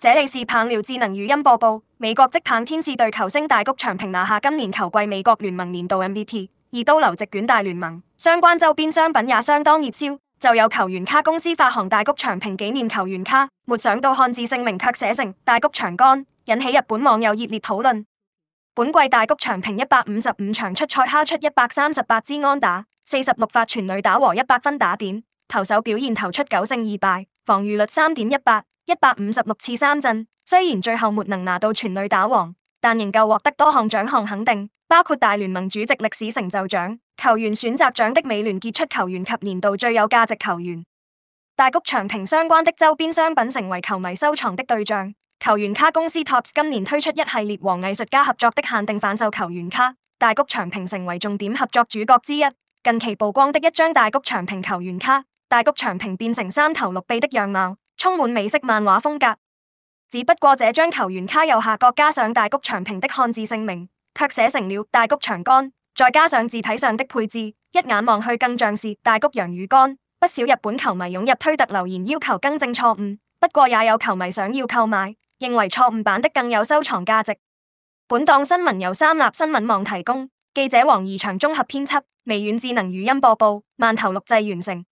這裡是棒料智能語音播報。美國職棒天使隊球星大谷翔平拿下今年球季美國聯盟年度 MVP，二刀流席捲大聯盟，相關周邊商品也相當熱銷，就有球員卡公司發行大谷翔平紀念球員卡，沒想到漢字姓名卻寫成大谷翔乾，引起日本網友熱烈討論。本季大谷翔平一百五十五場出賽，敲出一百三十八支安打，四十六發全壘打和一百分打點，投手表現投出九勝二敗，防御率三點一八。一百五十六次三振，雖然最後沒能拿到全壘打王，但仍舊獲得多項獎項肯定，包括大聯盟主席歷史成就獎、球員選擇獎的美聯傑出球員及年度最有價值球員。大谷翔平相關的周邊商品成為球迷收藏的對象。球員卡公司 Topps 今年推出一系列和藝術家合作的限定販售球員卡，大谷翔平成為重點合作主角之一。近期曝光的一張大谷翔平球員卡，大谷翔平變成三頭六臂的樣貌。充滿美式漫畫風格，只不過這張球員卡右下角加上大谷翔平的漢字姓名，卻寫成了「大谷翔干」，再加上字體上的配置，一眼望去更像是「大谷羊羽干」。不少日本球迷湧入推特留言要求更正錯誤，不過也有球迷想要購買，認為錯誤版的更有收藏價值。本檔新聞由三立新聞網提供，記者王儀翔綜合編輯，微軟智能語音播報，饅頭錄製完成。